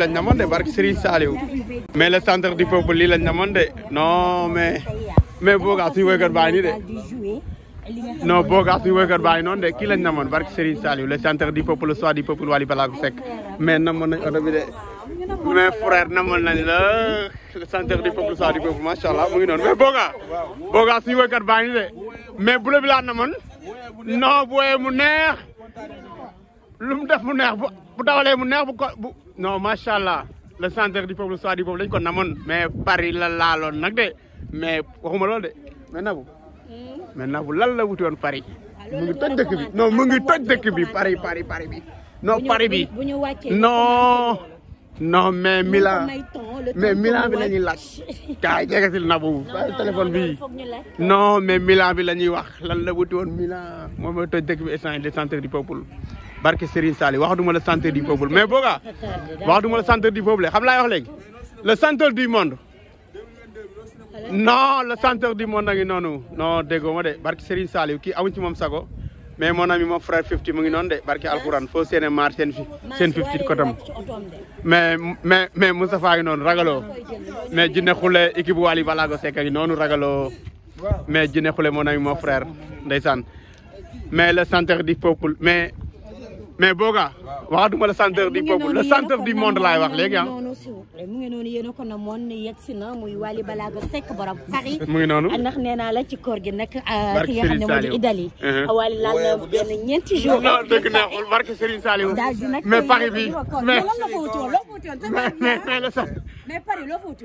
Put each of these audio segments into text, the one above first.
la na moon de barke Serigne Saliou mais le centre du peuple lii lañ na non mais mais boogaa suñu waykat baa nii de non boogaa suñu waykat baa nii noonu de kii lañ na moon barke Serigne Saliou le centre du peuple le soir du peuple Wally Ballago Seck mais na moon nañ oto bi de mais frère na moon nañ la le centre du peuple soit du peuple macha allah mu ngi noonu mais boogaa boogaa suñu waykat baa nii de mais bu la bi laa na moon non booyee mu neex lu mu def mu neex bu dawalee mu neex bu ko bu non macha allah le centre du peuple soit du peuple dañ ko namoon mais Paris la laaloon nag de mais waxuma loolu de mais Nabou hmm? mais Nabou lan la wuti woon pari mu ngi toj dëkk bi non mu ngi toj dëkk bi Paris Paris Paris bi non pari bi non non mais Milan mais Milan bi la ñuy laaj kaay jegesil Nabou bi non mais Milan bi la ñuy wax lan la wuti woon Milan moom mooy toj dëkk bi essence du peuple barke Serigne Sall wax duma le centre du peuple mais boogaa wax duma le centre du peuple xam laa wax léegi le centre du monde non le centre du monde a ngi noonu non déggoo ma de barke Serigne Sall ki amuñ ci moom sago mais mon ami mon frère Fifty mu ngi noonu de barke alxuraan foo seen maar seen fi seen Fifty ko tam mais mais mais Moustapha ngi noonu ragaloo mais jinne xule équipe Wally Balago Seck a ngi noonu ragaloo mais jinne xule mon ami mon frère ndeysaan mais le centre du peuple mais Boga waxatuma la centre du peuple le centre du monde laay wax léegi ah. mu ngi noonu yéen na ko namoon yegg si na muy Wally Ballago Seck borom Paris. mu ngi noonu ndax nee naa la ci koor gi nag. Ah, barke Serigne Saliou ki nga xam ne moo di Idali. Uh-huh. Ah, Wally laal na benn ñeenti jours. non dëgg neexul barke Serigne Saliou. daal di nag mais Paris bi mais mais mais mais Paris loo fa wuti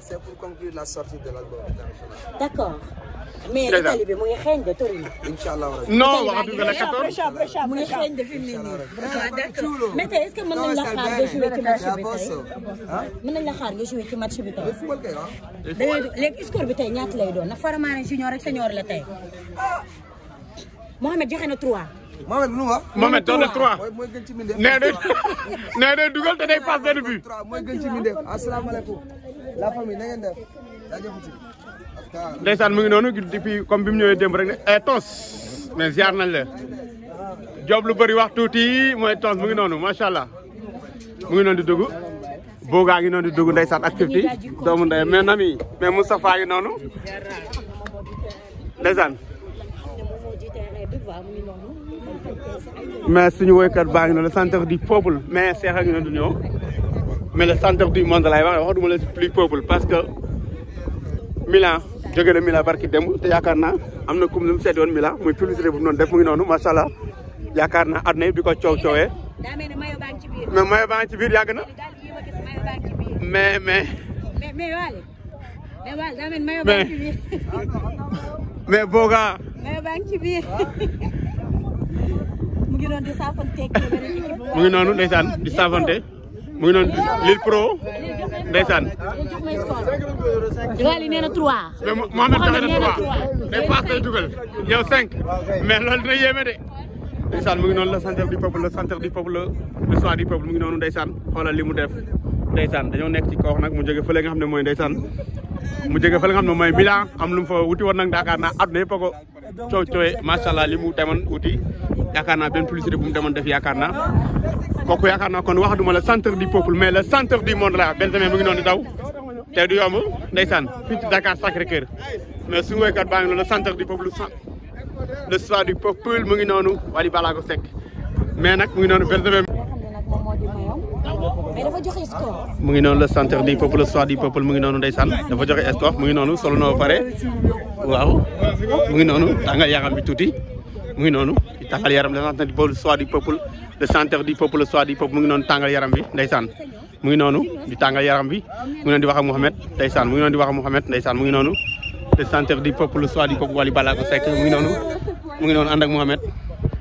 C'est pour conclure la sortie de l'album. D'accord. mais tali bi mu ngi xeeñ de Torino. incha allah non wax dëgg la 14 mu ngi xeeñ de fi mu ne nii. mais tey est-ce que mën nañ la xaar nga joué ci match bi tey. mën nañ la xaar nga joué ci match bi tey. léegi score bi tey ñaata lay doon na Faramaane junior ak senior la tey. Mohamed joxe na 3. Mohamed lu mu wax. Mohamed doon na 3 mooy gën ci mbindeef. nee na nee na dugal te day passe benn but. mooy gën ci mbindeef asalaamaaleykum. la famille na ngeen def mu ngi noonu depuis comme bi mu dem rek ne eh, tos mais ziar nañ la job lu bari wax tuuti moy tos mu ngi noonu macha allah mu ngi noonu di dugg ga ngi noonu di dugg ndeysaan ak fifty doomu ndey mais nami mais Moustapha ngi noonu ndeysaan mais suñu woykat baa ngi noonu le centre du peuple mais Cheikh ak ngi noonu mais le centre du monde lay wax waxuma le plus peuple parce que Milan jóge na Milan barki démb te yaakaar naa am na comme lu mu seet woon Milan muy publicité bu noonu def mu ngi noonu macha allah yaakaar naa at na yëpp di ko coow coowee. mais mayo baa ngi ci biir yàgg na. mais mais. mais mais boogaa. mayo baa ngi ci biir. mu ngi noonu di saafante. mu ngi noonu ndeysaan di saafante. mu ngi noonu Lille Pro ndeysaan. Ghali na na 3 mais passe mu ngi noonu la centre du peuple la centre du peuple le soir du peuple mu ngi noonu ndeysaan xoolal li mu def ndeysaan dañoo nekk ci kaw nag mu jóge fële nga xam ne mooy ndeysaan mu jóge fële nga xam ne mooy Milan am lu mu fa wuti woon nag Dakar naa àdduna yëpp a ko coow coowee macha allah li mu demoon wuti. yakarna ben benn publicité bu mu def yakarna naa yakarna kon wax duma centre du peuple mais le centre du monde la demé mu ngi non di daw té du yomb ndaysan fit Dakar Sacré-Cœur mais suñu woykat kat ngi le centre du peuple le soir du peuple mu ngi noonu Wally Ballago sek mais nak mu ngi noonu Benjamin mu ngi noonu le centre du peuple le soir du peuple mu ngi dafa joxe mu ngi solo waaw mu ngi yaram bi mu ngi noonu di tàngal yaram le centre du peuple soit du peuple le centre du peuple soit du peuple mu ngi noonu tàngal yaram bi ndeysaan mu ngi noonu di tàngal yaram bi mu ngi noonu di wax ak Mouhamed ndeysaan mu ngi noonu di wax ak Mouhamed ndeysaan mu ngi noonu le centre du peuple soit du peuple Wally Ballago Seck mu ngi noonu mu ngi noonu ànd ak Mouhamed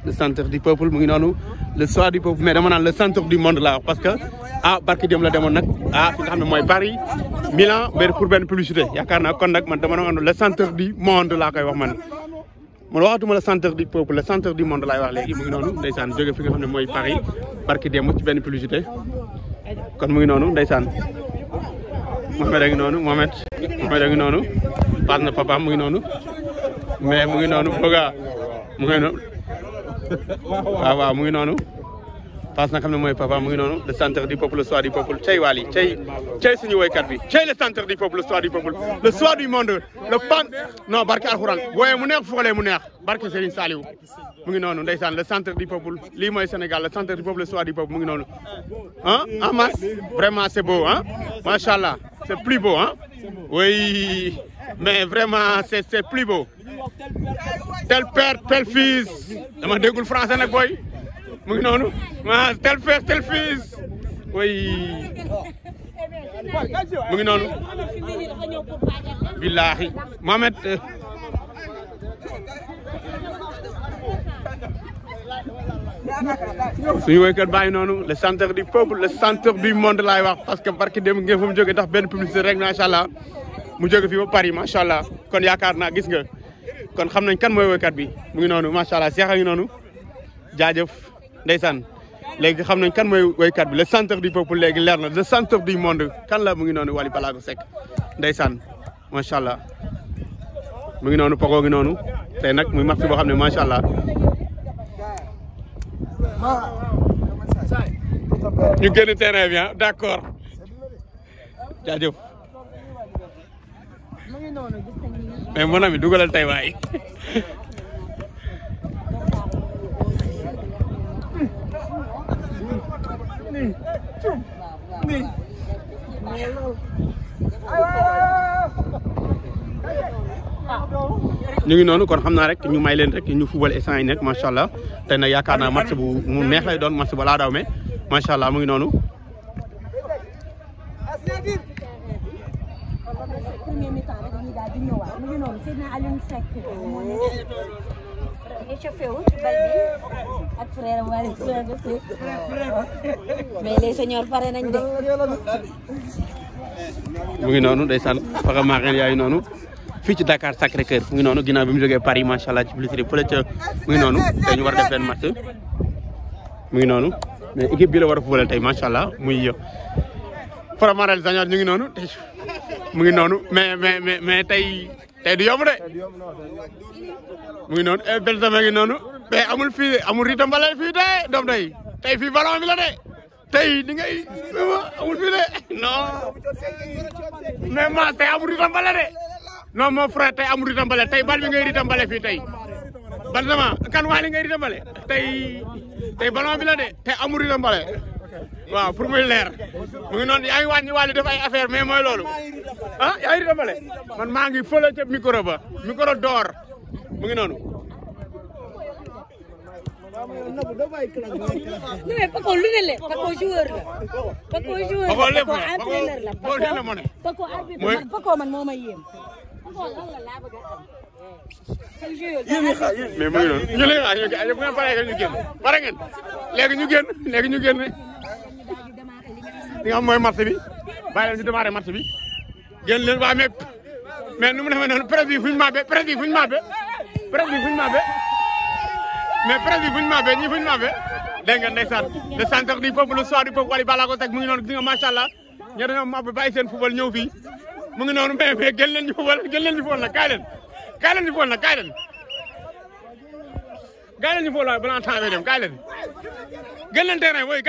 le centre du peuple mu ngi noonu le soit du peuple mais dama naan le centre du monde la wax parce que ah barki dem la demoon nag ah fi nga xam ne mooy Paris Milan benn pour benn publicité yaakaar naa kon nag man dama doon le centre du monde laa koy wax man man waxatuma la centre du peuple la centre du monde laay wax léegi mu ngi noonu ndeysaan jóge fi nga xam ne mooy Paris barki démb ci benn publicité kon mu ngi noonu ndeysaan Mohamed a ngi noonu Mohamed Mohamed a noonu paas na papaam mu ngi noonu mais mu ngi noonu Boga mu ngi noonu waaw waaw mu ngi noonu Fass nag xam ne papa mu ngi le centre du peuple le soir du peuple cey Wally cey cey suñu way kat bi cey le centre du peuple le soir du peuple le soir du monde le pan non barke alcorane wooye mu neex foolee mu neex barke Serigne saliw mu ngi noonu ndeysaan le centre du peuple li moy Sénégal le centre du peuple le soir du peuple mu ngi noonu ah en vraiment c'est beau hein machallah c'est plus beau hein oui mais vraiment c'est c'est plus beau tel père tel fils dama déggul français nak boy mu ngi noonu ah way mu ngi noonu billaahi Mohamed euh. suñu woykat bàyyi noonu le centre du peuple le centre du monde laay wax parce que barki dem ngeen fa mu jógee ndax benn publicité rek macha allah mu jóge fii ba Paris macha allah kon yaakaar naa gis nga kon xam nañ kan mooy woykat bi mu ngi noonu macha allah seex a ngi noonu jaajëf. ndeysaan léegi xam nañ kan mooy woykat bi le centre du peuple léegi leer na le centre du monde kan la mu ngi noonu Wally Ballago sek ndeysaan macha allah mu ngi noonu Pogo ngi noonu te nag muy match boo xam ne macha allah. ñu génn terrain bi ah d' accord jaajëf mais mon ami dugalal tey waay cum ñu ngi noonu kon xam naa rek ñu may leen rek ñu fubal instant yi nekk macha allah te nag yaakaar naa match bu mu neex lay doon match bu laa daw mais macha allah mu ngi noonu. ma chauffé wu pare nañ de. mu ngi noonu ndeysaan Faga Marien yaayu noonu fii ci Dakar sacré mu ngi noonu ginnaaw bi mu jógee Paris macha allah ci publicité fële ca mu ngi noonu dañu war a def benn mu ngi noonu mais équipe bi war a tey macha allah muy euh, Faga Marien Senior ñu ngi noonu mu ngi noonu mais tey. tey du yomb de muy noonu Benzema ngi noonu mais amul fii amul riita mbala fii de doom day tey fii ballon bi de tey di ngay amul fii de non mais ma tey amul riita mbala de non mon frère tey amul riita mbala tey bal bi fii tey Benzema li ngay riita tey tey ballon bi la de tey amul riita mbala waaw pour muy leer mu ngi noonu yaa ngi wàññi wàllu def ay affaire mais mooy loolu ah yaa ngi dambale man maa ngi fële ca micro ba micro door mu ngi noonu. mais Paco lu ne la Paco joueur la Paco joueur la Paco entraîneur la Paco arbitre Paco man moo may yéem yéen ñi xaar yéen mais mu ngi noonu ñu leen ah, xaar ngeen paree ñu génn pare ngeen léegi ñu li nga xam mooy match bi bàyyi leen si démarré match bi génn leen waaye mais mais nu mu demee noonu presse bi fuñ màbbee presse bi fuñ màbbee presse bi fuñ màbbee mais presse bi fuñ màbbee ñii fuñ màbbee dégg nga ndeysaan le centre du peuple le soir du peuple Waly Ballago Seck mu ngi noonu gis nga macha allah ñoo dañoo màbb bàyyi seen football ñëw fii mu ngi noonu mais mais génn leen ñu football génn leen ñu football nag kaay leen kaay leen ñu football nag kaay leen dem kaay leen génn leen